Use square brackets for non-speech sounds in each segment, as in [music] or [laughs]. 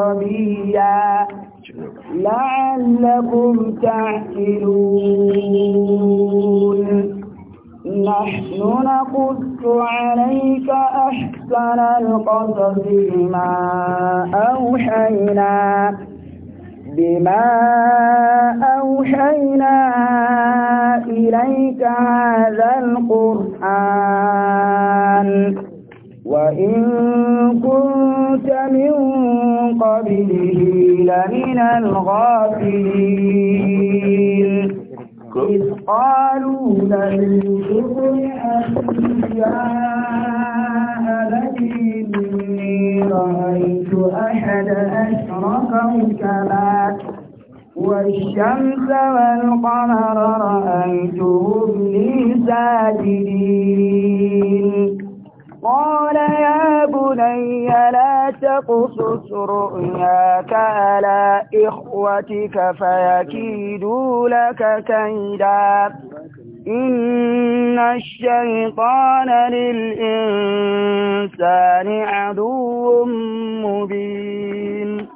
صبيا لعلكم تعقلون نحن نقص عليك أحسن القصص بما أوحينا بما أوحينا إليك هذا القرآن وإن كنت من قبله لمن الغافلين إذ قالوا لن تطع أشياء التي إني رأيت أحد أشر كوكبا والشمس والقمر رأيتهم لي ساجدين قال يا بني لا تقصص رؤياك على إخوتك فيكيدوا لك كيدا إن الشيطان للإنسان عدو مبين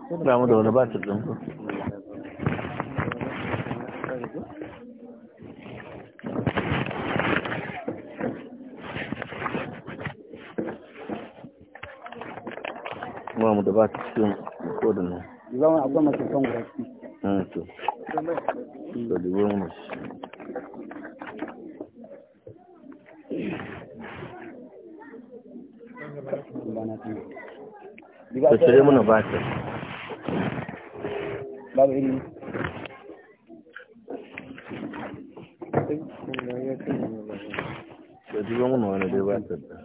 ba mu da ba ta cikin kodin nan zama akwai mace gwamnati a ciki hmm, da dubu masu ta cire muna ba ta babu da dubu muna wani dai ba ta da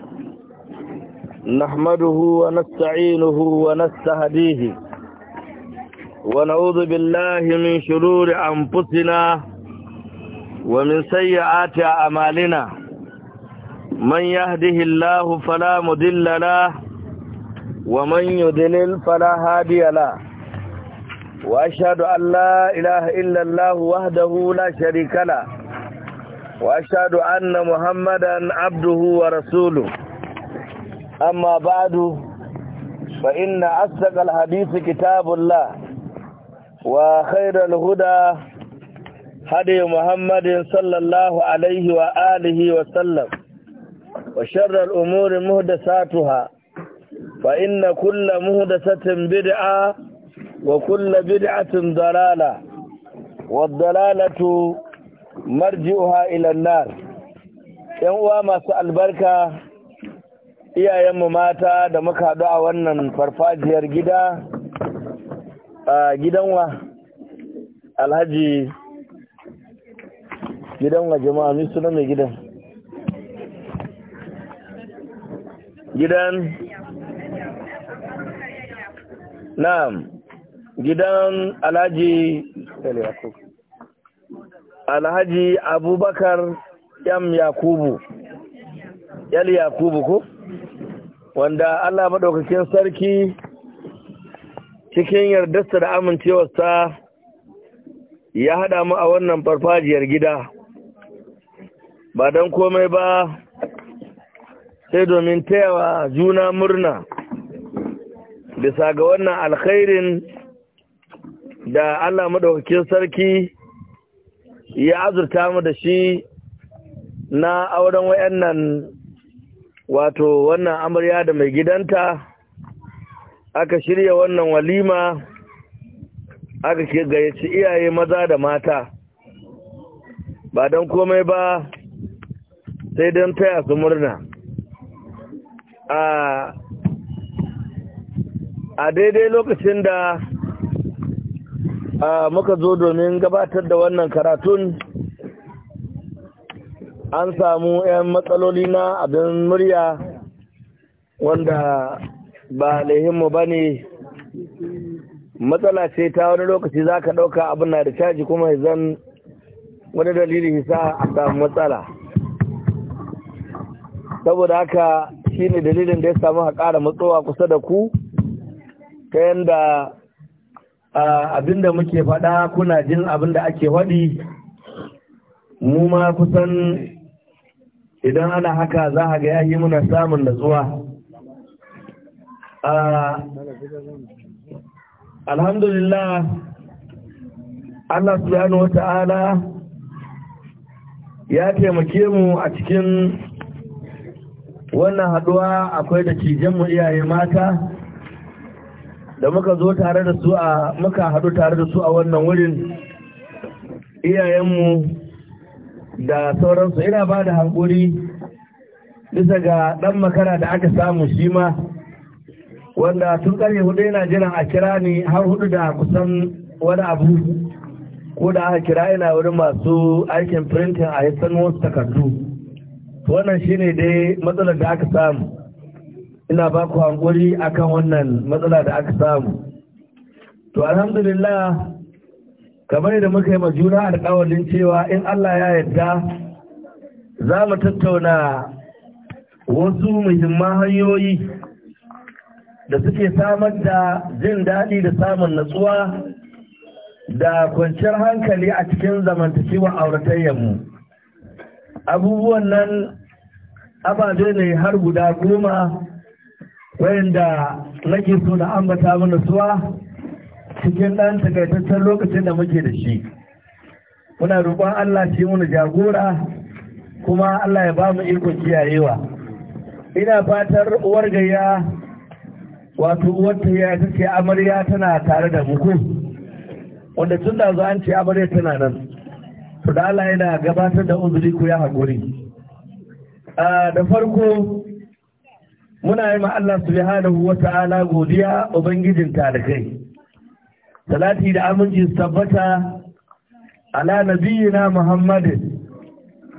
نحمده ونستعينه ونستهديه ونعوذ بالله من شرور أنفسنا ومن سيئات أعمالنا من يهده الله فلا مدل له ومن يدلل فلا هادي له وأشهد أن لا إله إلا الله وحده لا شريك له وأشهد أن محمدا عبده ورسوله أما بعد فإن أصدق الحديث كتاب الله وخير الهدى هدي محمد صلى الله عليه وآله وسلم وشر الأمور مهدساتها فإن كل مهدسة بدعة وكل بدعة ضلالة والضلالة مرجئها إلى النار ينوى مساء البركة iyayenmu mata da muka haɗu a wannan farfajiyar gida a gidanwa alhaji gidanwa jama'a mai suna mai gidan gidan na'am gidan alhaji alhaji abubakar yam yakubu yali yakubu ko wanda Allah maɗaukakin sarki cikin yardarsa da amincewarsa ya haɗa mu a wannan farfajiyar gida ba don komai ba sai domin tayawa juna murna bisa ga wannan alkhairin da Allah maɗaukakin sarki ya azurta mu da shi na auren wayannan wato wannan amarya da mai gidanta aka shirya wannan walima aka ke gayyaci iyaye maza da mata ba don komai ba sai don taya su murna a daidai lokacin da muka zo domin gabatar da wannan karatun an samu 'yan matsaloli na abin murya wanda ba laihinmu ba ne matsala ce ta wani lokaci za ka ɗauka abin na da caji kuma zan wani dalili sa a samu matsala saboda haka shi ne dalilin da ya samu haƙa da matsowa kusa da ku ta yadda abinda muke faɗa kuna jin abinda ake faɗi mu ma kusan idan ana haka za a ga yi muna samun natsuwa alhamdulillah Allah subhanahu wata'ala ya taimake mu a cikin wannan haduwa akwai da mu iyaye mata da muka zo tare da su a muka haɗu tare da su a wannan wurin iyayenmu da sauransu ina ba da hankuri bisa ga ɗan makara da aka samu shi ma wanda tun ƙarfe hudu yana jira a kira ni har hudu da kusan wani abu ko da aka kira yana wurin masu aikin firintin a yi wasu takardu wannan shi ne dai matsalar da aka samu ina ba ku hankuri akan wannan matsala da aka samu to alhamdulillah kamar da muka yi ma juna alƙawalin cewa in Allah ya yarda za mu tattauna wasu muhimman hanyoyi da suke samar da jin daɗi da samun natsuwa da kwanciyar hankali a cikin zamantakewar mu abubuwan nan ababe ne har guda goma wayanda nake so na ambata mana suwa cikin ɗan takaitaccen lokacin da muke da shi muna roƙon Allah shi muna jagora kuma Allah ya ba mu ikon kiyayewa ina fatar uwar gayya wato uwar ta yaya ta amarya tana tare da mu ko wanda tun da zo an ce amarya tana nan to da Allah yana gabatar da uzuri ku ya haƙuri da farko muna yi ma Allah subhanahu wata'ala godiya ubangijin kai. salati da aminci su tabbata ala nabiyina muhammadin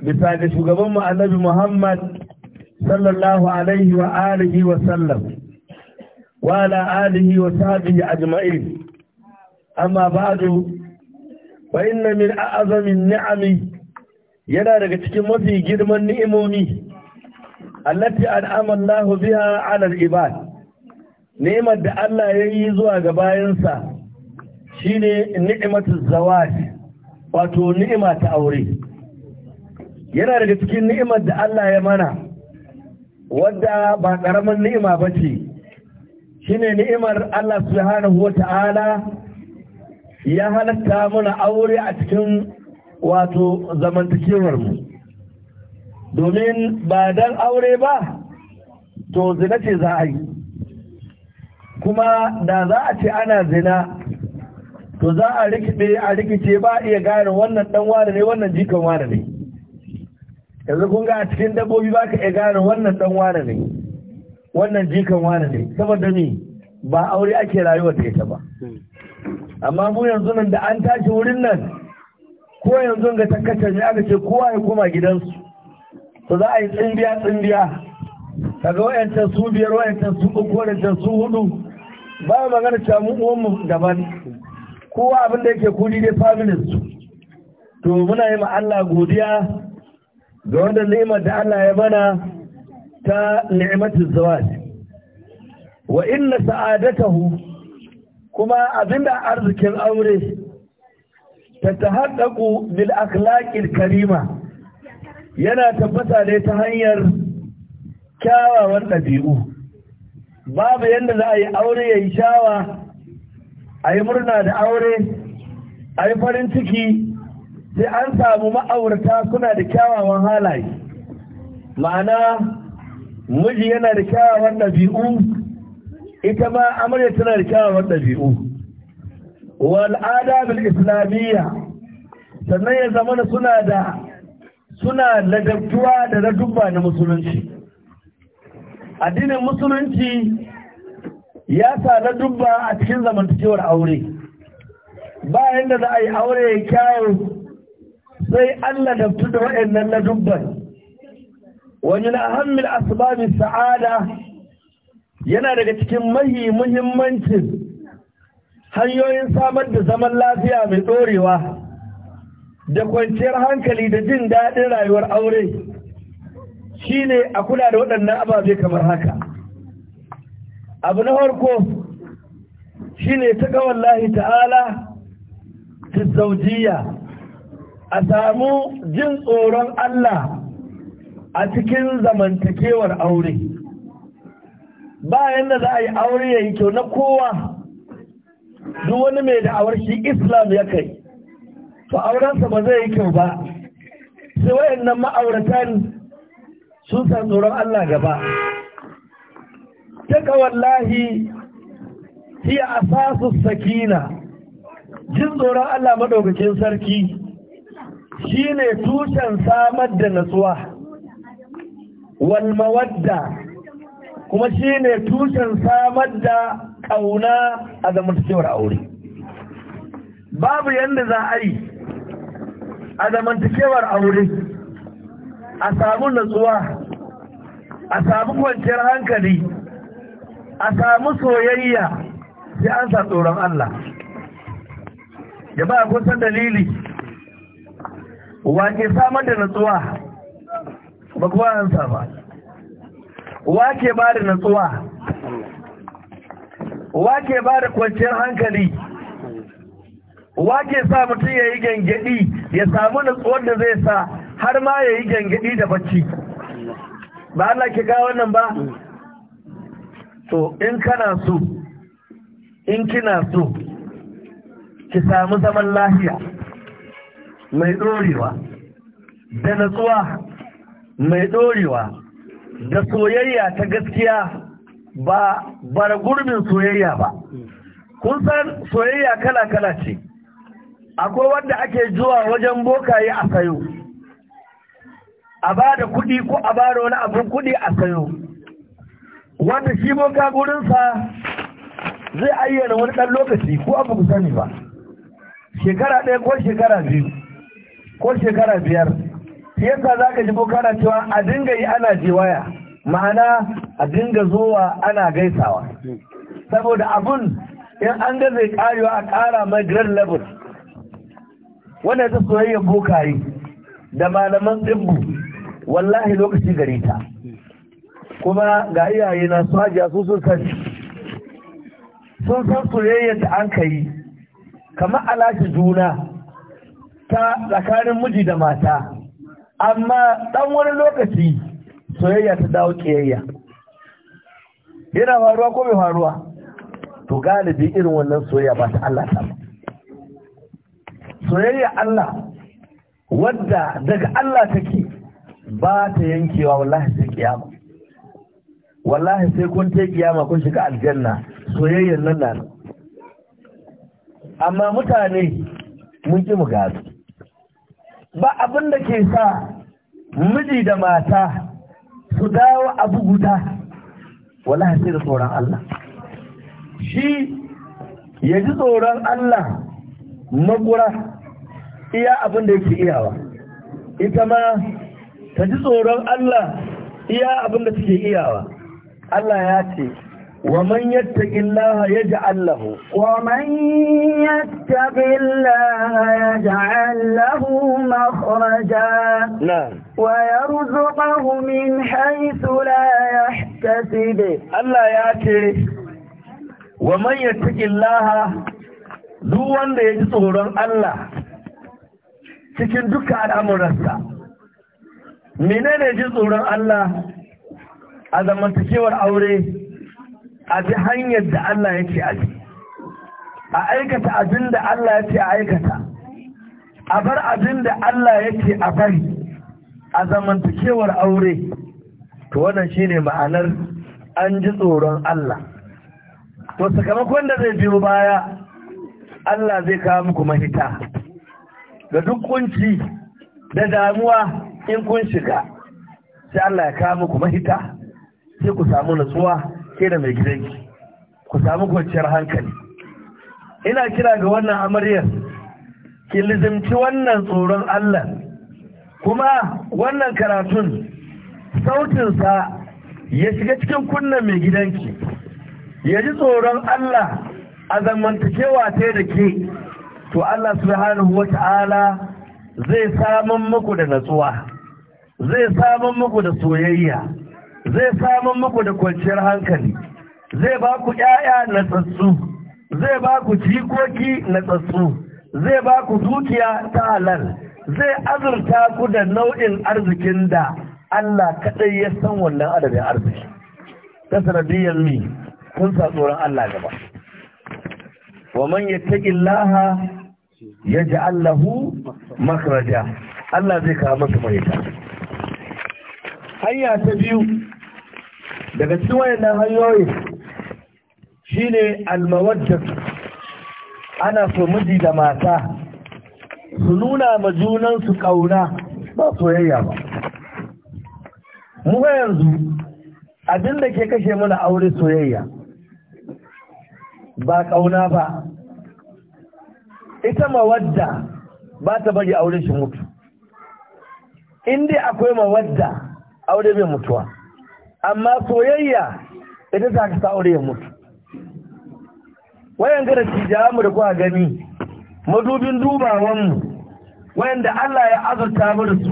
bisa ga shugabanmu annabi muhammad sallallahu alaihi wa alihi wa sallam wa ala alihi wa sahbihi ajma'in amma ba'du wa inna min a'zamin ni'ami yana daga cikin mafi girman ni'imomi allati an'ama Allahu biha 'ala al-ibad ni'imar da Allah yayi zuwa ga bayansa Shi ne ni'imatu zawaj wato ni'ima ta aure yana daga cikin ni'imar da Allah ya mana wadda ba ƙaramin ni'ima ba ce. Shi ne ni'imar Allah subhanahu ta'ala ya halatta mana aure a cikin wato zamantakewar mu domin ba dan aure ba to zina ce za a yi kuma da za a ce ana zina to za a rikide a rikice ba iya gane wannan dan wane ne wannan jikan wane ne yanzu kun ga a cikin dabbobi ba ka iya gane wannan dan wane ne wannan jikan wane ne saboda ni ba aure ake rayuwa ta ita ba amma mu yanzu nan da an tashi wurin nan ko yanzu ga takkacin ne aka ce kowa ya koma gidansu to za a yi tsindiya tsindiya kaga wayancan su biyar wayancan su uku wayancan su hudu ba magana cewa mu uwan mu daban kowa abin da yake kudi dai families to muna yi Allah godiya ga wanda ni'imar da Allah ya bana ta ni'imatu zawaj wa inna sa'adatahu kuma abinda arzikin aure ta tahaddaku bil akhlaqil karima yana tabbata ne ta hanyar kyawawan ɗabi'u babu yadda za a yi aure ya yi shawa a yi murna da aure a yi farin ciki sai an samu ma'aurata suna da kyawawan halaye ma'ana miji yana da kyawawan ɗabi'u ita ma amurya tana da kyawawan ɗabi'u wal'ada bil islamiyya sannan ya zama da suna da suna ladabtuwa da dubba na musulunci addinin musulunci ya na dubba a cikin zamantakewar aure ba yadda za a yi aure ya kyawo sai Allah da da waɗannan na dubban wani na hamil asibabin sa'ada yana daga cikin mahi muhimmancin hanyoyin samar da zaman lafiya mai ɗorewa da kwanciyar hankali da jin daɗin rayuwar aure shine a kula da waɗannan ababe kamar haka abu na farko shine ta ga wallahi ta'ala ta zaujiya a samu jin tsoron Allah a cikin zamantakewar aure bayan da za a yi aure ya yi kyau na kowa duk wani mai da'awar shi islam ya kai to aurensa ba zai yi kyau ba sai wayannan ma'auratan sun san tsoron Allah gaba attaka wallahi a asasus sakina jin tsoron Allah maɗaukakin sarki shine tushen samar da natsuwa walmawadda, kuma shine tushen samar da ƙauna a zamantakewar aure babu yadda za a yi a zamantakewar aure a samu natsuwa a samu kwanciyar hankali a samu soyayya sai an sa tsoron Allah jama'a kun san dalili wake samar da natsuwa ba kuma an sa ba wake ba da natsuwa wake ba da kwanciyar hankali wake sa mutum ya yi gyangyaɗi ya samu natsuwar da zai sa har ma ya yi gyangyaɗi da bacci ba Allah ke ga wannan ba to in kana so in kina so ki samu zaman lafiya mai dorewa da natsuwa mai dorewa da soyayya ta gaskiya ba bara gurbin soyayya ba kun san soyayya kala-kala ce akwai wanda ake zuwa wajen bokaye a sayo a ba da kuɗi ko a ba da wani abin kuɗi a sayo wanda shi boka gurinsa zai ayyana wani ɗan lokaci ko abu ku sani ba shekara ɗaya ko shekara biyu ko shekara biyar yadda za ka ji boka na cewa a dinga yi ana waya ma'ana a dinga zowa ana gaisawa saboda abun in an ga zai karewa a ƙara mai grand level wanda ta soyayya bokaye da malaman tsibbu wallahi lokaci gari ta kuma ga iyaye na su hajiya su sun sani sun san soyayyar da an yi kamar alashi juna ta tsakanin miji da mata amma ɗan wani lokaci soyayya ta dawo ƙiyayya yana faruwa ko bai faruwa to galibi irin wannan soyayya ba ta Allah ta ba soyayya Allah wadda daga Allah take ba ta yankewa wallahi sai kiyama wallahi sai kun ta kiyama kun shiga aljanna soyayyar nan nan amma mutane mun ki mu gasu ba abin da ke sa miji da mata su dawo abu guda wallahi sai da tsoron Allah shi ya ji tsoron Allah makura iya abin da yake iyawa ita ma ta ji tsoron Allah iya abin da take iyawa Allah ya ce wa man yatta ya ja'al lahu wa man yatta ya ja'al lahu makhraja wa yarzuqahu min haythu la yahtasib Allah ya ce wa man yatta duk wanda ya ji tsoron Allah cikin duka al'amuransa menene ji tsoron Allah a zamantakewar aure a bi hanyar da Allah ya ce a bi a aikata abin da Allah ya ce a aikata a bar abin da Allah ya ce a bari a zamantakewar aure to wannan shi ne ma'anar an ji tsoron Allah to sakamakon da zai biyo baya Allah zai kawo muku mahita ga duk kunci da damuwa in kun shiga sai Allah ya kawo muku mahita sai ku samu nutsuwa ke da mai gidanki ku samu kwanciyar hankali ina kira ga wannan amaryar ki lizimci wannan tsoron Allah kuma wannan karatun sautinsa ya shiga cikin kunnen mai gidanki ya ji tsoron Allah a zamantakewa ta da ke to Allah subhanahu wa ta'ala zai samun muku da natsuwa zai samun muku da soyayya zai samun muku da kwanciyar hankali zai ba ku ‘ya'ya natsatsu zai ba ku jikoki tsatsu zai ba ku dukiya ta halal zai azurta ku da nau'in arzikin da Allah kaɗai ya san wannan adabin arziki ta sanadiyyar mi kun sa tsoron Allah gaba wa man ta yaj'al lahu makhraja Allah zai kawo masa mafita hanya ta biyu daga cikin wayannan hanyoyi shine almawajjar ana so miji da mata su nuna ma junansu ƙauna ba soyayya ba mu yanzu abinda ke kashe mana aure soyayya ba ƙauna ba ita mawadda ba ta bari aure shi mutu in dai akwai mawadda aure mai mutuwa amma soyayya ita za ka sa aure ya mutu wayan ga da mu da kuwa gani madubin dubawanmu wayanda Allah ya azurta mu su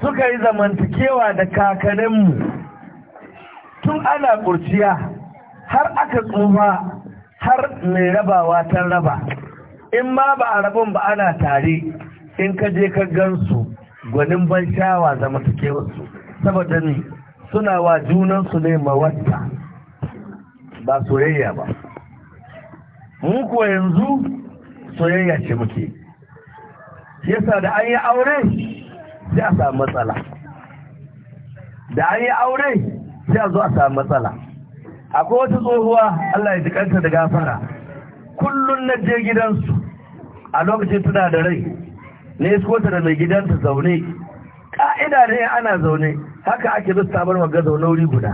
suka yi zamantakewa da kakaninmu tun ana kurciya har aka tsufa har mai rabawa ta raba in ma ba a rabon ba ana tare in ka je ka gansu gwanin ban shawa zamantakewarsu saboda ne suna wa junansu ne mawadda ba soyayya ba mu yanzu soyayya ce muke yasa da an yi aure sai a samu matsala da an yi aure sai a zo a samu matsala akwai wata tsohuwa Allah ya jikanta da gafara kullun na je gidansu a lokacin tuna da rai ne iskota da mai gidanta zaune ka'ida ne ana zaune haka ake lissabar maga zaune wuri guda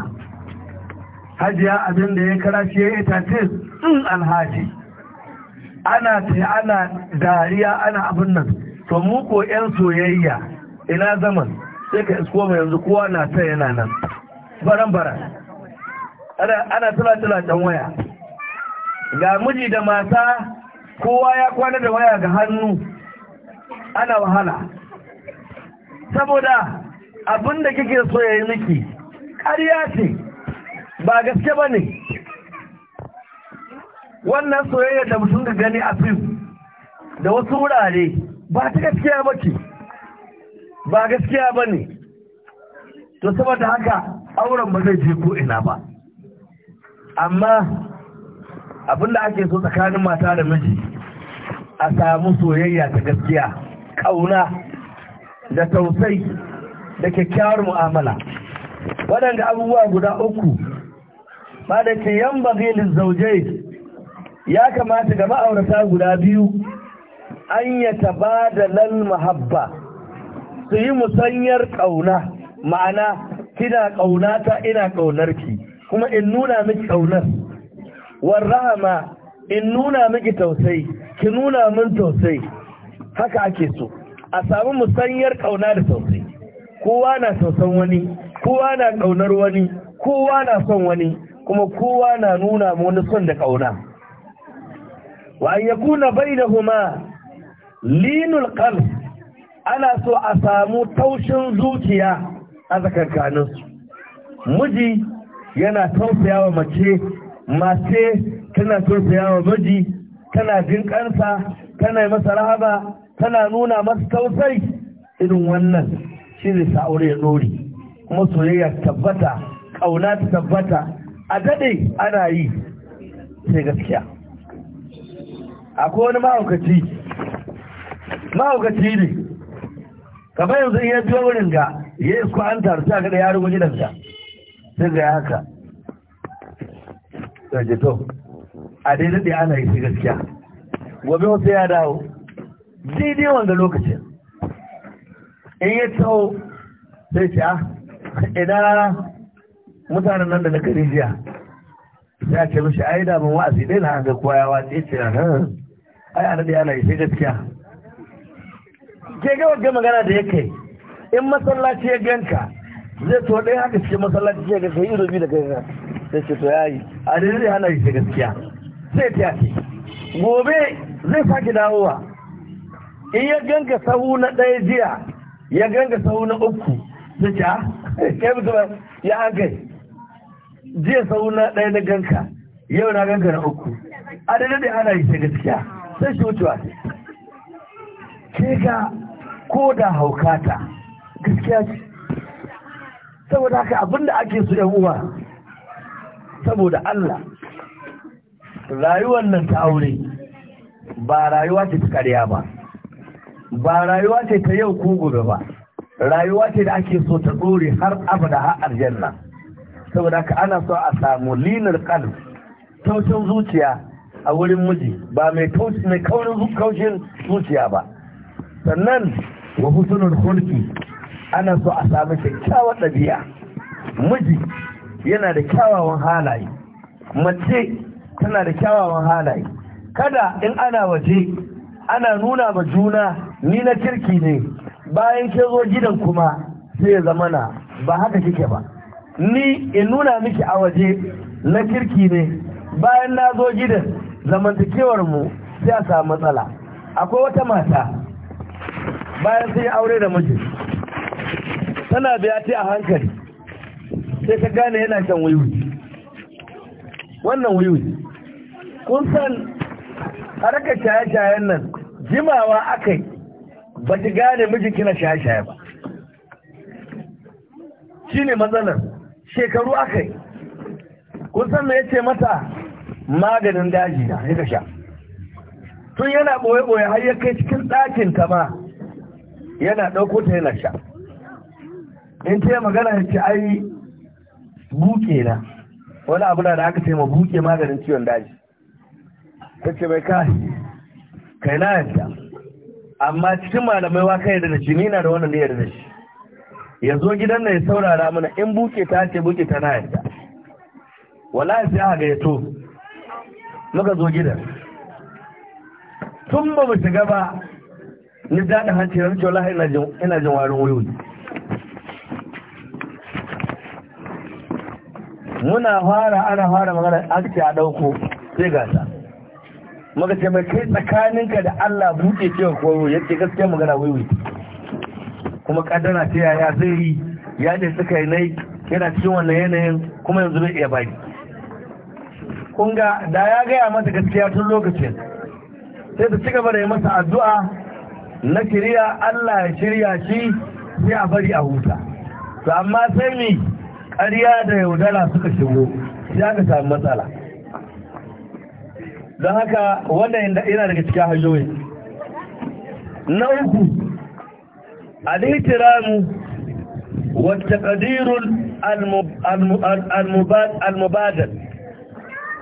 hajiya abin da ya kara shi ya yi itace in mm, alhaji ana ta ana dariya ana abin nan to mu ko yan soyayya ina zaman sai ka isko mai yanzu kowa na ta yana nan baran baran ana tula-tula can waya ga miji da mata kowa ya kwana da waya ga hannu ana wahala saboda abin da kike so ya yi miki ƙarya ce ba gaske ba ne wannan soyayya da mutum ga gani a fim da wasu wurare ba ta gaskiya ba ce ba gaskiya ba ne to saboda haka auren ba zai je ko ina ba amma abinda ake so tsakanin mata da miji a samu soyayya ta gaskiya ƙauna da tausai da kyakkyawar mu'amala waɗanda abubuwa guda uku ba da ke yan bagilin zauje ya kamata ga ma'aurata guda biyu an ba ba da lal mahabba su yi musanyar ƙauna ma'ana kina ƙaunata ina ƙaunarki kuma in nuna miki ƙaunar warrahama in nuna miki tausai ki nuna min tausayi haka ake so a samu musanyar kauna da tausayi kowa na tausan wani kowa na kaunar wani kowa na son wani kuma kowa na nuna wani son da kauna wa an da huma linul kan ana so a samu taushin zuciya a zakarkaninsu muji miji yana tausayawa mace mace tana tausayawa miji tana jin kansa tana masa rahaba tana nuna masu tausayi irin wannan shi ne sa'ure aure ya dore kuma soyayya tabbata kauna ta tabbata a daɗe ana yi sai gaskiya akwai wani mahaukaci mahaukaci ne kamar yanzu iya ya biyo wurin ga ya isko an taru ta kada yaro wajen gidansa sai ga haka da jito a daidai ana yi sai gaskiya gobe wasu ya dawo daidai wanda lokacin in ya taho zai ce ah idan mutanen nan da na kari jiya ya ce mashi a yi damar wa'azi dai na haka kowa ya wace ce ai ana da ana yi sai gaskiya ke ga wajen magana da ya kai in masallaci ya ganka zai to ɗaya haka cikin masallaci ya ganka yi rubi da kai sai ce to ya yi a da zai hana yi sai gaskiya sai ta ce gobe zai sake dawowa in ya ganga sahu na ɗaya jiya ya ganga sahu na uku da ja ah, kai mutum ya an kai jiya sahu na ɗaya na ganka yau na ganka na uku a da daɗe ana yi ta gaskiya sai shi wucewa ke ga ko da haukata gaskiya ce saboda haka abinda ake su yan uwa saboda Allah rayuwar nan ta aure ba rayuwa ce ta karya ba ba rayuwa ce ta yau ko gobe ba rayuwa ce da ake so ta dore har abada har aljanna saboda ka ana so a samu linar kalb taushin zuciya a wurin miji ba mai mai kaurin kaushin zuciya ba sannan wa husnul khulqi ana so a samu kyakkyawan ɗabi'a miji yana da kyawawan halaye mace tana da kyawawan halaye kada in ana waje ana nuna ma juna ni na kirki ne bayan ke zo gidan kuma sai ya zama na ba haka kike ba ni in nuna miki a waje na kirki ne bayan na zo gidan zamantakewar mu sai a samu matsala akwai wata mata bayan sai aure da miji tana biya ta a hankali sai ta gane yana shan wiwi wannan wiwi kun san harkar shaye-shayen nan jimawa aka yi ba ta gane mijin kina shaye-shaye ba shi ne matsalar shekaru aka yi kusan da ya ce mata maganin daji na ya sha tun yana ɓoye-ɓoye har ya kai cikin ɗakin ta ma yana ɗauko ta yana sha in ce magana ya ce ai buke na wani abu da aka ce ma buke maganin ciwon daji ta ce mai kashi kai na yadda amma cikin malamai wa kai da shi ni na da wannan niyyar da shi ya zo gidan na ya saurara mana in buke ta ce buke ta na yadda wallahi sai aka gayyato muka zo gidan tun ba mu shiga ba ni daɗa hanci na rikin wala ina jin warin wuyoyi muna fara ana fara magana aka ce a ɗauko sai gasa maka ce mai kai tsakaninka da Allah buɗe cewa koyo yake gaskiya magana wai kuma kadana ta yaya zai yi ya ne suka yi nai yana cikin wannan yanayin kuma yanzu bai iya bani kun ga da ya gaya masa gaskiya tun lokacin sai ta ci gaba da yi masa addu'a na kiriya Allah ya shirya shi sai a bari a huta to amma sai mi ƙarya da yaudara suka shigo sai aka samu matsala don haka wannan yana daga cikin hanyoyi na uku al-ihtiramu wa taqdirul al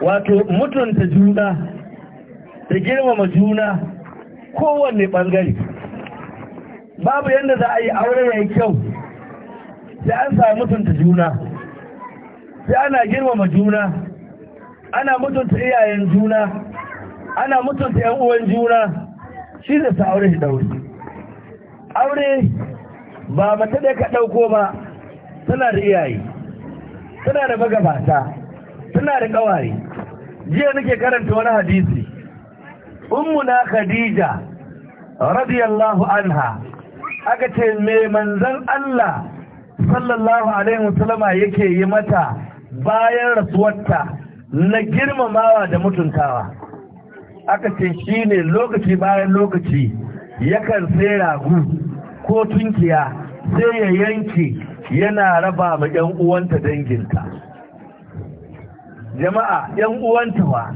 wato mutunta juna da girmama juna kowanne bangare babu yadda za a yi aure yayi kyau sai an samu mutunta juna sai ana girmama juna ana mutunta iyayen juna ana mutunta yan uwan juna shi da sa aure shi daure aure ba mace da ka dauko ba tana da iyaye tana da magabata tana da kawari jiya nake karanta wani hadisi ummuna khadija radiyallahu anha aka ce me manzan Allah sallallahu alaihi wasallama yake yi mata bayan rasuwarta na girmamawa da mutuntawa aka ce shi ne lokaci bayan lokaci yakan sai ragu ko tunkiya sai ya yanke yana raba ma 'yan uwanta danginta jama'a 'yan uwanta wa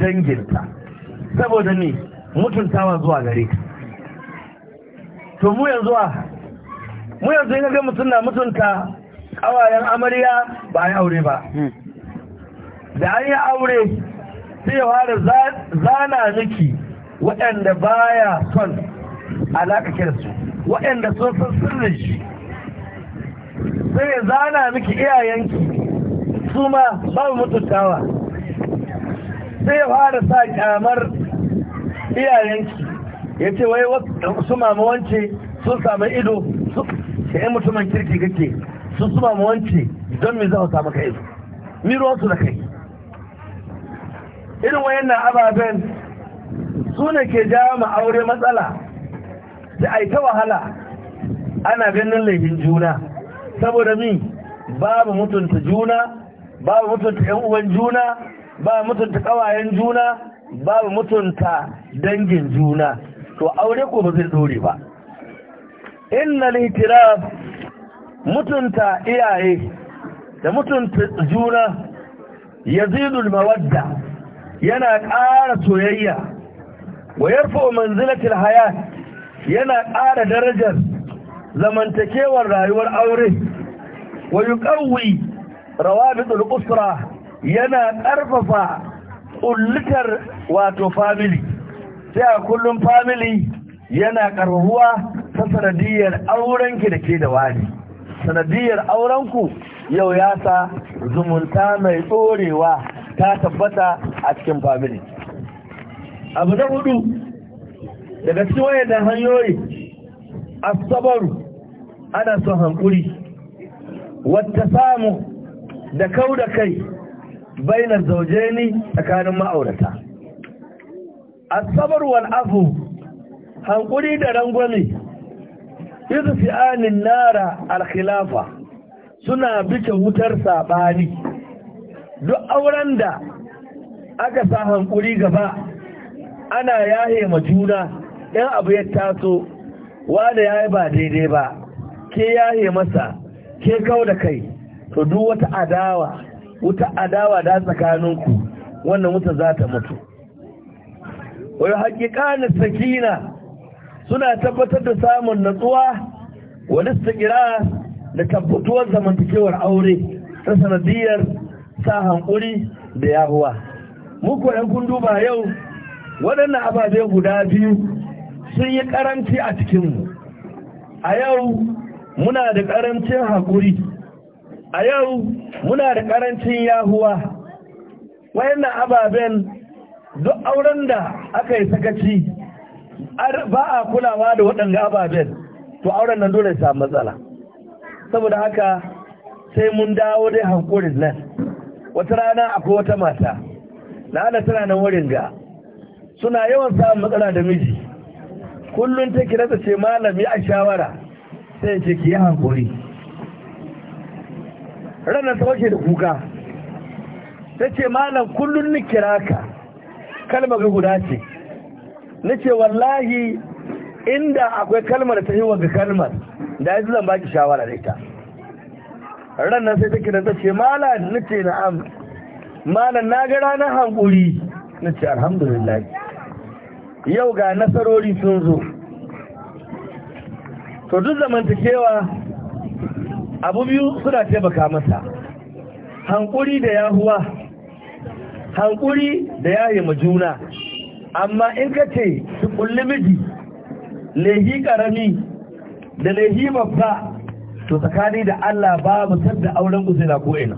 danginta saboda ni mutuntawa zuwa gare to mu yanzu a mu yanzu yin ga mutum na mutunta ƙawayen amarya ba ya aure ba hmm. da an yi aure sai ya fara zana miki waɗanda ba ya son alaƙa su waɗanda sun san sirrin shi sai ya zana miki iyayenki su ma babu mutuntawa sai ya fara sa kyamar iyayenki ya ce wai su mama wance sun samu ido su yi mutumin kirki kake sun su mama wance don me za su samu ka ido miro su da kai irin wayannan ababen su ne ke ja ma aure matsala da aita wahala ana ganin laifin juna saboda min babu mutunta juna babu mutunta yan uwan juna babu mutunta kawayen juna babu mutunta dangin juna to aure ko ba zai dore ba innal litira mutunta iyaye da mutunta juna yazidul mawadda yana ƙara soyayya wa yarfa manzilatul hayat yana ƙara darajar zamantakewar rayuwar aure wa yuqawwi rawabitul usra yana ƙarfafa ƙullutar wato famili, sai a kullum famili yana ƙarfafuwa ta sanadiyar aurenki da ke da wani sanadiyar aurenku yau ya sa zumunta mai ɗorewa ta tabbata a cikin famili abu na hudu daga cikin da hanyoyi Asabar ana son hankuri wata samu da kau da kai bainar ni tsakanin ma'aurata asabar wal afu hankuri da rangwame fi'anin nara alkhilafa suna bice wutar saɓani. duk auren da aka sa hankuri gaba ana yahe ma juna ɗan abu ya taso wanda ya yi ba daidai ba ke yahe masa ke kawo da kai to duk wata adawa wuta adawa da tsakaninku wannan wuta za ta mutu wai na sakina suna tabbatar da samun natsuwa wani sakira da tabbatuwar zamantakewar aure ta sanadiyar sa hankuri da yahuwa muku ɗan gundu ba yau waɗannan ababe guda biyu sun yi ƙaranci a cikinmu a yau muna da ƙarancin haƙuri a yau muna da ƙarancin yahuwa na ababen duk auren da aka yi sakaci ba a kulawa da waɗanda ababen to auren nan dole samu matsala saboda haka sai mun dawo dai hankurin nan wata rana akwai wata mata la'ala tana nan wurin ga suna yawan samun matsala da miji kullum ta kira ta ce malami a shawara sai ce ki yi hankuri ranar ta wace da kuka ta ce malam kullum ni kira ka kalmar guda ce na ce wallahi inda akwai kalmar ta yi wa kalmar da ya zan baki shawara da ita ranar sai take da ta ce mala na ce na'am mala na ga ranar hankuri nace ce alhamdulillah yau ga nasarori sun zo to duk zamantakewa abu biyu suna taimaka masa hankuri da yahuwa hankuri da yaye ma juna amma in ka ce su kulli miji lehi karami da lehi babba to tsakani da Allah babu sadda auren ku zina ko ina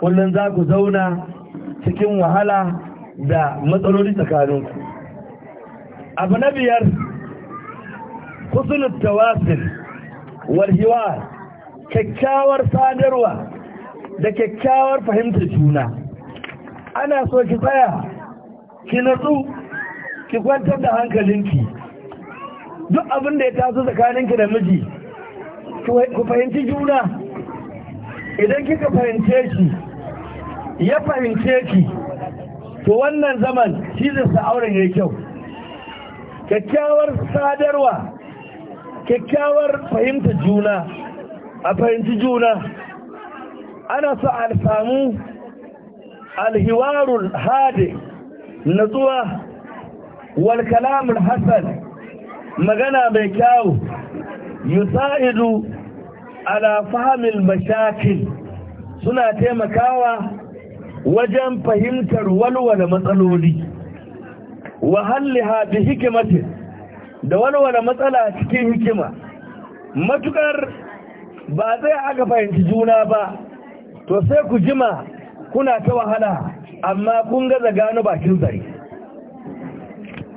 kullun za ku zauna cikin wahala da matsaloli tsakaninku abu na biyar husnul tawasul wal hiwar kyakkyawar sadarwa da kyakkyawar fahimtar juna ana so ki tsaya ki natsu ki kwantar da hankalinki duk abin da ya taso tsakaninki da miji ku fahimci juna idan kika fahimce shi ya fahimce ki to wannan zaman shi zai auren ya kyau kyakkyawar sadarwa kyakkyawar fahimta juna a fahimci juna ana so alfamu samu alhiwarul hade natsuwa wal kalamul hasan magana mai kyawu yusa'idu ala fahimil mashakil suna taimakawa wajen fahimtar walwala matsaloli wa halliha bi hikimatin da walwala matsala cikin hikima matukar ba zai aka fahimci juna ba to sai ku jima kuna ta wahala amma kun ga gano bakin zare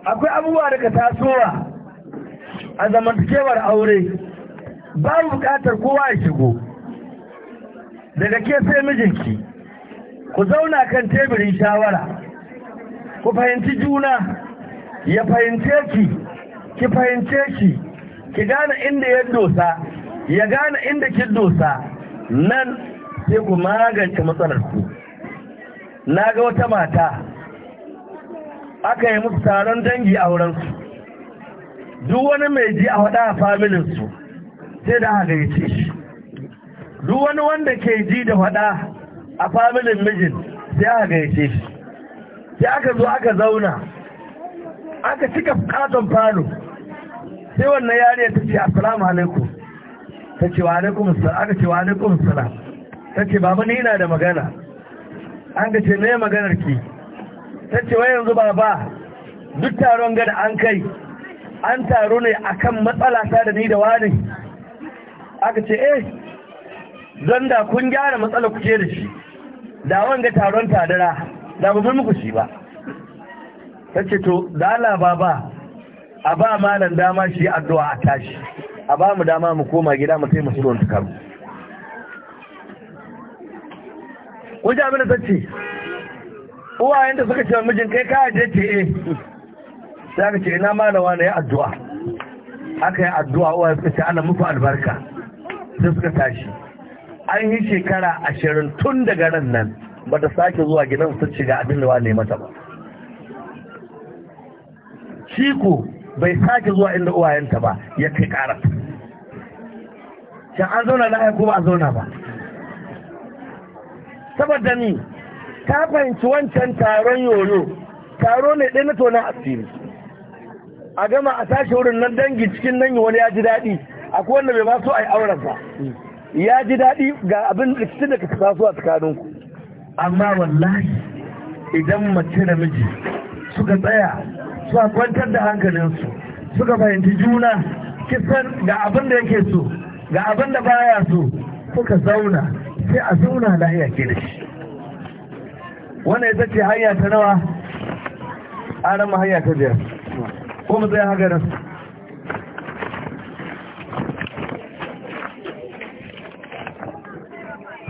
akwai abubuwa daga tasowa a zamantakewar aure babu bukatar kowa ya shigo daga ke sai mijinki ku zauna kan teburin shawara ku fahimci juna ya fahimce ki ki fahimce ki? ki gane inda ya dosa ya gane inda ki dosa nan sai ku magance matsalar ku na ga wata mata aka yi musu taron dangi a wurinsu duk wani mai ji a waɗa familin su sai da haka ya ce shi duk wani wanda ke ji da waɗa a familin mijin sai a ya ce shi sai aka zo aka zauna aka cika katon falo sai wannan yariya ta ce assalamu alaikum ta ce wa alaikum salam aka ce wa alaikum salam ta ce baba ni ina da magana an ga ce me maganar ki ta ce wai yanzu baba duk taron gada an kai an taru ne akan matsala ta da ni da wani aka ce eh don da kun gyara matsala ku ce da shi da wanga taron tadara da ba muku shi ba ta ce to da Allah baba a ba malam dama shi addu'a a tashi a ba mu dama mu koma gida mu taimaka don sulon tukaru kun ji abin da ta ce uwayen da suka ce mijin kai ka je ce eh sai ce ina malawa na yi addu'a aka yi addu'a wa suka ce Allah muku albarka sai suka tashi an yi shekara ashirin tun daga ran nan ba ta sake zuwa gidan su ci ga abin da wane mata ba shi ko bai sake zuwa inda uwayenta ba ya kai karar shan an zauna na ko ba a zauna ba saboda ni ta fahimci wancan taron yoyo taro ne ɗaya na tona asiri a gama a sake wurin nan dangi cikin nan wani ya ji daɗi akwai wanda bai ba so a yi auren ba ya ji daɗi ga abin da cikin da ka kasuwa a tsakaninku amma wallahi idan mace da miji suka tsaya suka kwantar da hankalinsu suka fahimci juna kisan ga abin da yake so ga abin da baya so suka zauna sai a zauna lahiya ke da shi wannan ita ce hanya ta nawa a rama hanya ta biyar komu zai haka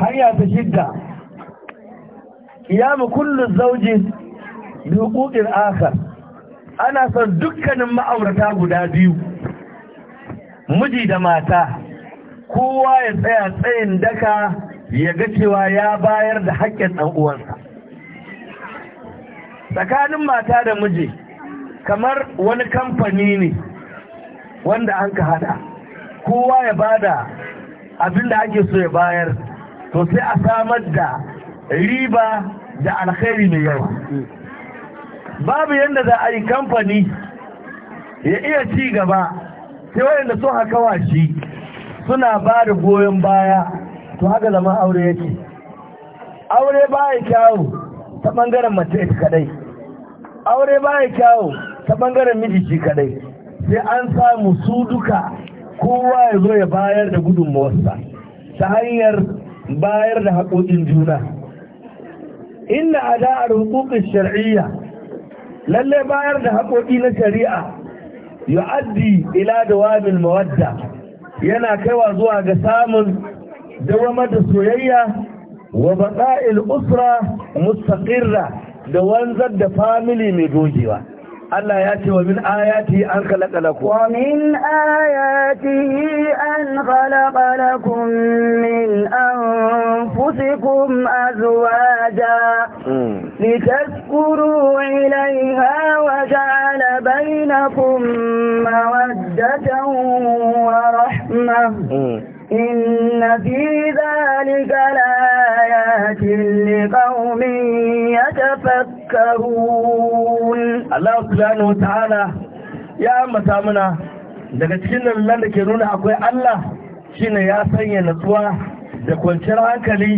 hanya ta shidda iyamu kullum zaujin bi akar ana son dukkanin ma'aurata guda biyu miji da mata kowa ya tsaya tsayin daka ya ga cewa ya bayar da haƙƙin ɗan uwansa tsakanin mata da miji kamar wani kamfani ne wanda an ka hada kowa ya bada abin da ake so ya bayar to sai a samar da riba da alkhairi mai yawa babu yadda za a yi kamfani ya iya ci gaba sai wayanda sun haka washi suna ba da goyon baya to haka zama aure yake aure baya kyawu ta ɓangaren mace ita kadai aure baya kyawu ta bangaren miji kadai sai an samu su duka kowa ya zo ya bayar da gudunmawarsa ta hanyar bayar da haƙoƙin juna inna ada'ar hukukin shari'a lalle bayar da haƙoƙi na shari'a addi ila da wamin mawadda yana kaiwa zuwa ga samun dawamar da soyayya wa baƙa'il usra mustaƙirra da wanzar da famili mai dogewa Allah ya ce wa min ayati an khalaqa lakum wa min ayatihi an khalaqa lakum min anfusikum azwaja litaskuru ilayha wa ja'ala bainakum mawaddatan wa rahmah إن في ذلك لآيات لقوم يتفكرون الله سبحانه وتعالى يا متامنا daga cikin nan da ke nuna akwai Allah shine ya sanya natsuwa da kwanciyar hankali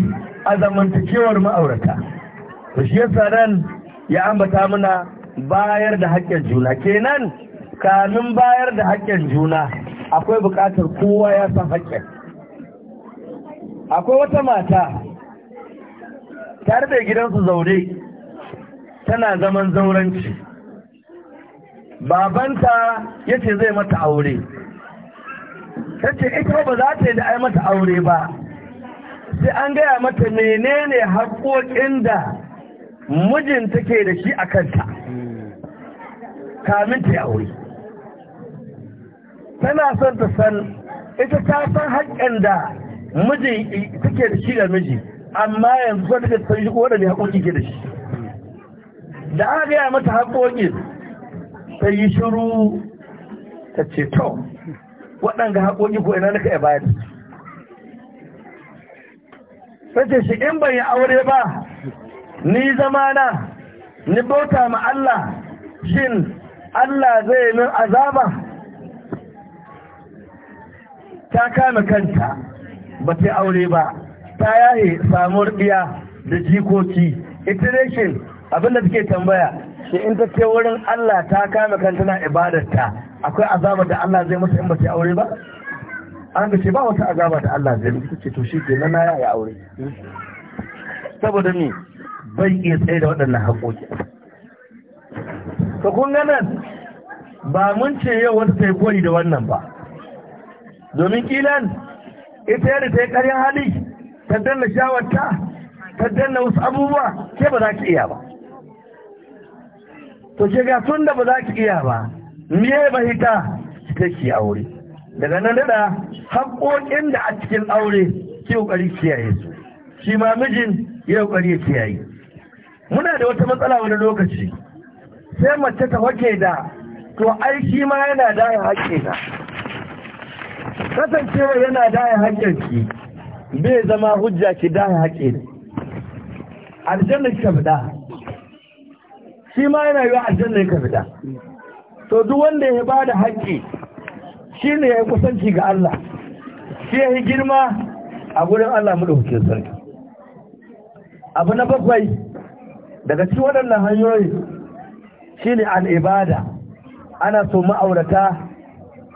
a zamantakewar ma'aurata to shi yasa nan ya ambata muna bayar da haƙƙin juna kenan kamin bayar da haƙƙin juna akwai buƙatar kowa ya san haƙƙin akwai wata mata ta da gidansu zaure tana zaman zauranci babanta ya ce zai mata aure ta ce ita ba za ta yi da ai mata aure ba sai an gaya mata menene haƙoƙin da mijinta ke da shi a kanta kamin ta yi aure tana son ta san ita ta san haƙƙin da miji suke da shi ga miji amma yanzu ko daga sun shigo da haƙoƙi ke da shi da aka gaya mata haƙoƙin ta yi shiru ta ce to waɗanda haƙoƙi ko ina naka ya bayar sace shi in ban yi aure ba ni zamana ni bauta ma Allah shin Allah zai min azaba ta kame kanta ba ta aure ba ta yaye samuwar ɗiya da jikoki ita abinda suke tambaya shi in ta ce wurin Allah ta kama kan tana ibadarta akwai azaba da Allah zai masa in ba ta aure ba an ga ce ba wata azaba da Allah zai masa ce to shi ke na ya aure saboda ni bai iya tsaye da waɗannan haƙoƙi to kun ba mun ce yau wata ta yi koyi da wannan ba domin kilan ita yadda ta yi ƙaryan hali ta danna shawarta ta danna wasu abubuwa ke ba za ki iya ba to ke ga sun da ba za ki iya ba miye ba hita ta ki aure daga nan daɗa haƙoƙin da a cikin aure ke ƙoƙari kiyaye su shi ma mijin ya ƙoƙari ya kiyaye muna da wata matsala wani lokaci sai mace ta wake da to ai shi ma yana da haƙƙi na kasancewa yana daya ki, bai zama hujja ki daya haƙƙin aljanna ka fita shi ma yana yiwa aljanna ka fita to duk wanda ya ba da haƙƙi shi ne ya yi kusanci ga Allah shi ya yi girma a gurin Allah mu da hukin sarki abu na bakwai daga ci waɗannan hanyoyi shi ne al'ibada ana so ma'aurata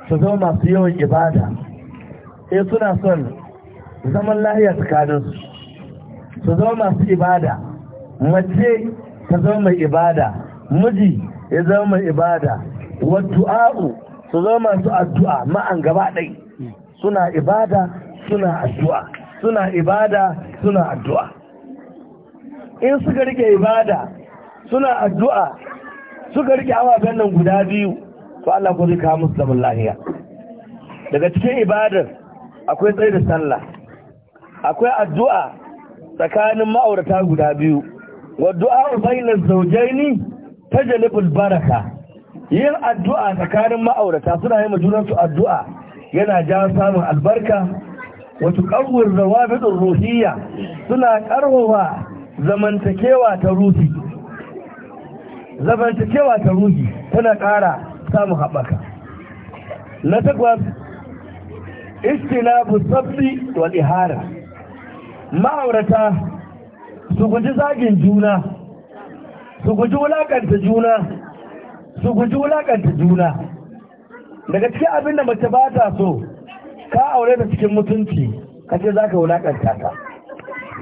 su zama masu yawan ibada sai suna son zaman lahiya tsakaninsu su zama masu ibada mace ta zama mai ibada miji ya zama mai ibada wadda'a'u su zama masu addu'a ma'an gaba ɗai suna ibada suna addu'a suna ibada suna addu'a in suka rike ibada suna addu'a suka rike awaben nan guda biyu to Allah ko zai kawo musu zaman lahiya daga cikin ibadar akwai tsaye da sallah akwai addu'a tsakanin ma'aurata guda biyu wa du'a ne ta tajlibul baraka yin addu'a tsakanin ma'aurata suna yi majunan su addu'a yana ja samun albarka ƙarfin tuqawwir zawabidur rohiyya suna karwa zamantakewa ta ruhi zamantakewa ta ruhi tana ƙara samun haɓaka na takwas istilabu sabbi wal ihara ma'aurata su guji zagin juna su guji wulakanta juna su guji wulakanta juna daga cikin abin da mace ba ta so ka aure ta cikin mutunci ka ce za ka wulakanta ta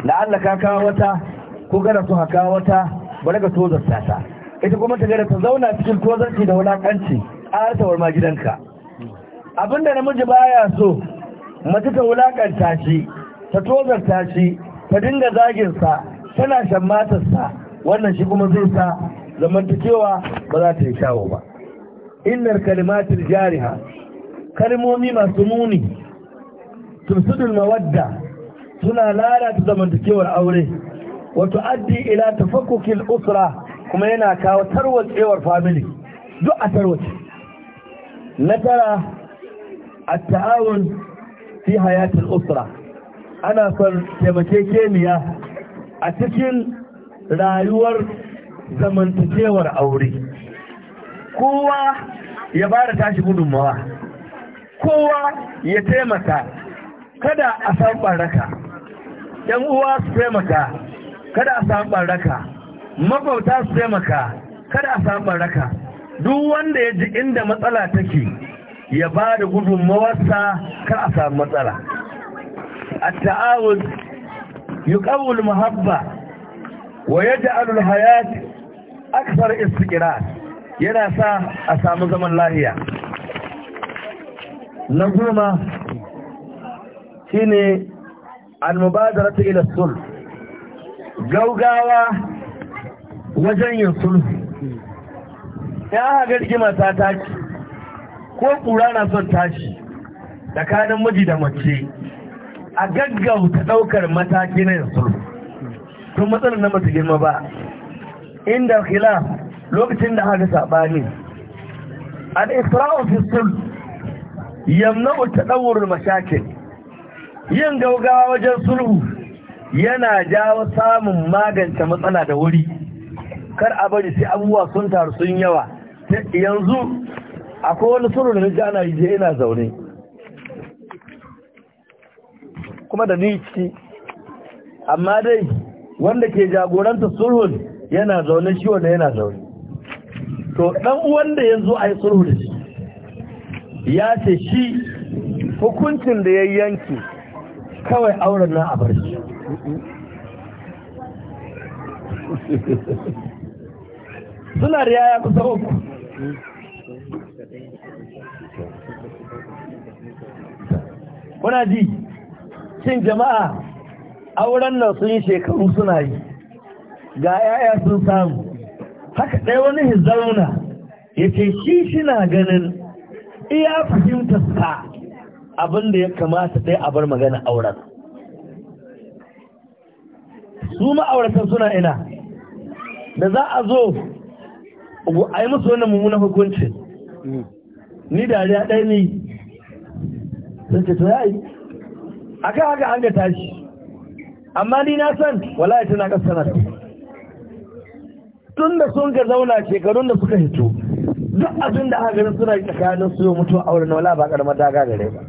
la'alla ka kawo wata ko gara su haka wata bari ka tozarta ta ita kuma ta gara ta zauna cikin tozarci da wulakanci a harsawar ma gidanka abinda namiji baya so mace ta wulakanta shi ta tozarta shi ta dinga zaginsa tana matarsa wannan shi kuma zai sa zamantakewa ba za ta yi shawo ba innar kalimatul jariha kalmomi masu muni tusudul mawadda suna lalata zamantakewar aure wato tuaddi ila tafakkukil usra kuma yana kawo tarwatsewar family duk a tarwace na tara A ta'awar fi hayatil usra ana son taimakekeniya a cikin rayuwar zamantakewar aure kowa ya bada tashi gudummawa, kowa ya taimaka kada a san baraka yan uwa su taimaka kada a san baraka mabauta su taimaka kada a san baraka duk wanda ya ji inda matsala take ya ba da mawarsa, ka a samu matsala a ta'awun yi ƙawul muhabba wa yadda alul hayat aksar istikira yana sa a samu zaman lahiya na goma shi ne ta ila sulh gaugawa wajen yin sulhu ya haga rigima ta taki ko ƙura na son tashi tsakanin miji da mace a gaggauta ɗaukar mataki na yanzu. tun matsalar na mata girma ba inda kila lokacin da haka saɓani al-isra'u fi sulh ta ɗaurin mashakin. yin gaugawa wajen sulhu yana jawo samun magance matsala da wuri kar a bari sai abubuwa sun taru sun yawa yanzu akwai wani suru da nake ana je ina zaune kuma da ni amma dai wanda ke jagoranta sulhun yana zaune shi wanda yana zaune to dan uwan da a yi sulhu da shi ya ce shi hukuncin da ya yanki kawai auren na a shi [laughs] suna da yaya kusa uku kuna ji cin jama'a auren nan sun yi shekaru suna yi ga 'ya'ya sun samu haka ɗaya wani zauna ya ce shi na ganin iya fahimtar sa abin da ya kamata ɗaya a bar magana auren su ma'auratar suna ina da za a zo a yi musu wannan mummunan hukuncin ni dariya ɗaya ne sun ce to yayi kan haka an ga tashi amma ni na san wallahi tana kasana tun da sun ga zauna shekarun da suka hito duk abin da haka suna yi tsakanin su mutuwa a wurin wala ba karamar daga gare ba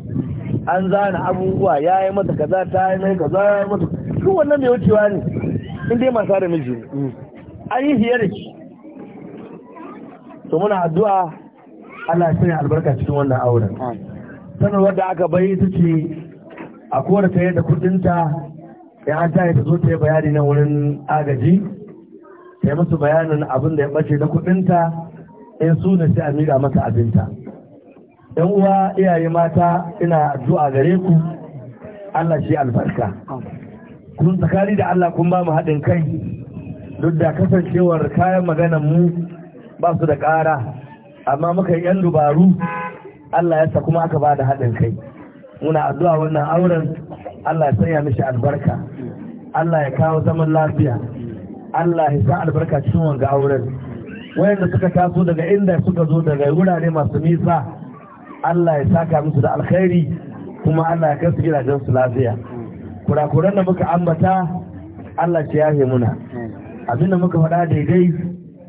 an zana abubuwa ya yi mata kaza ta yi mai kaza ya yi mata duk wannan mai wucewa ne in dai masu da miji an yi fiye da ki to muna addu'a Allah ya sanya albarka cikin wannan auren sanarwar da aka bai ita ce a kowace ta yadda kudinta ya an ta ta zo ta yi bayani na wurin agaji ta yi musu bayanin abin da ya ɓace na kudinta in su ne sai a mata abinta yan uwa iyaye mata ina addu'a gare ku Allah shi albarka kun tsakani da Allah kun ba mu haɗin kai duk da kasancewar kayan maganan mu ba su da ƙara amma muka yi 'yan dubaru Allah ya sa kuma aka ba da haɗin kai muna addu'a wannan auren Allah ya sanya mishi albarka Allah ya kawo zaman lafiya Allah ya sa albarka cikin wanga auren wayanda suka taso daga inda suka zo daga wurare masu nisa Allah ya saka musu da alkhairi kuma Allah ya kai su gidajen su lafiya kurakuran da muka ambata Allah ya yahe muna abinda muka faɗa daidai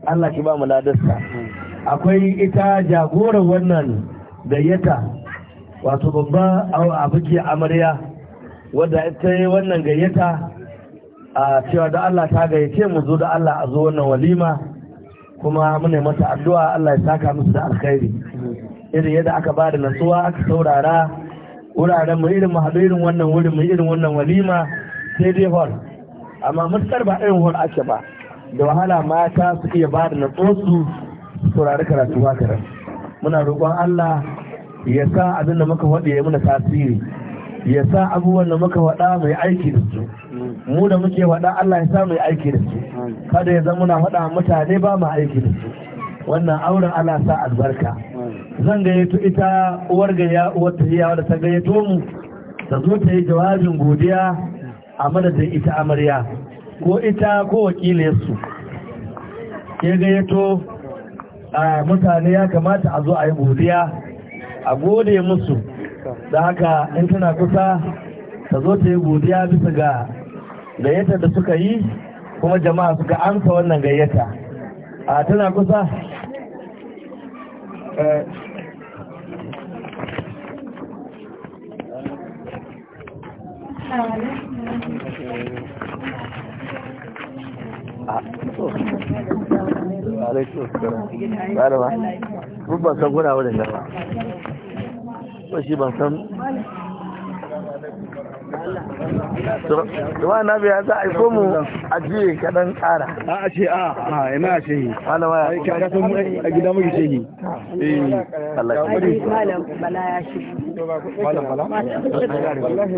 Allah ki ba mu ladarsa akwai ita jagorar wannan gayyata wato babba abuki amarya wadda ita yi wannan gayyata a cewa da Allah ta gayyace mu zo da Allah a zo wannan walima kuma muna mata addu'a Allah ya saka musu da alkhairi irin yadda aka ba da nasuwa aka saurara wuraren mu irin mu irin wannan wurin mu irin wannan walima sai dai hol amma mutkar ba irin hol ake ba da wahala mata su iya ba da su saurari karatu haka muna roƙon Allah ya sa abin da muka faɗi ya muna tasiri ya sa abubuwan da muka faɗa mai aiki da su mu da muke faɗa Allah ya sa mai aiki da su kada ya zama muna faɗa mutane ba mu aiki da su wannan auren Allah sa albarka zan gayyato ita uwar uwar tahiya da ta gayyato mu ta zo ta yi jawabin godiya a madadin ita amarya ko ita ko wakilinsu ya gayyato mutane ya kamata a zo a yi godiya a gode musu da haka in tana kusa ta zo ta yi godiya bisa ga gayyata da suka yi kuma jama'a suka amsa wannan gayyata a tana kusa eh. mun ban san kuna wurin nan ba shi ba san Tuwa na biya za a yi mu jiye kadan kara A a ce a a ina shehi. Malama ya. Ka a gida muke shehi. Eh. Allah ya bari. Malam ce yi shi. Malam Bala. Wallahi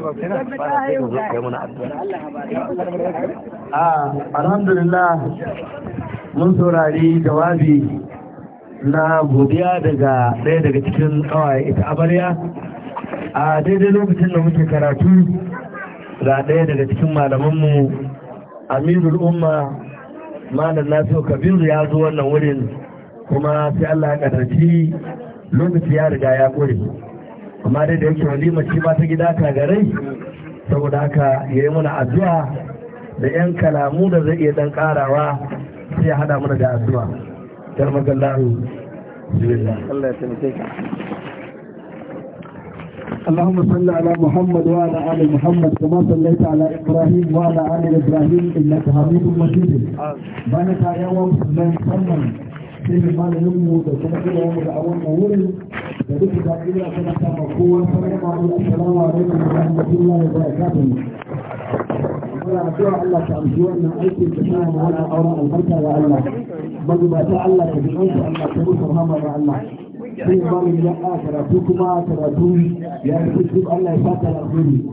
ah, alhamdulillah mun saurari jawabi na godiya daga ɗaya daga cikin ƙawaye ita amarya a daidai lokacin da muke karatu ga ɗaya daga cikin malamanmu amirul umma malam nasiru kabiru ya zo wannan wurin kuma sai allah ya ƙadarci lokaci ya riga ya ƙure amma dai da yake wani mace ba ta gida ta garai saboda haka ya yi mana addu'a da 'yan kalamu da zai iya ɗan ƙarawa sai ya haɗa mana da addu'a كرمك الله بسم الله الله يسلمك اللهم صل على محمد وعلى ال محمد كما صليت على ابراهيم وعلى ال ابراهيم انك حميد مجيد بارك يا وسلم سلم sai mai malamin mu da kuma gina mu da abun mu wurin da duk da kira kana ta kowa sai muna addu'a Allah ta amshi wannan aikin ta shi mu wannan auren albarka ga Allah ta Allah ta bi Allah ta rufe rahama ga Allah sai ba mu ya karatu kuma karatu ya yi duk Allah ya fata alheri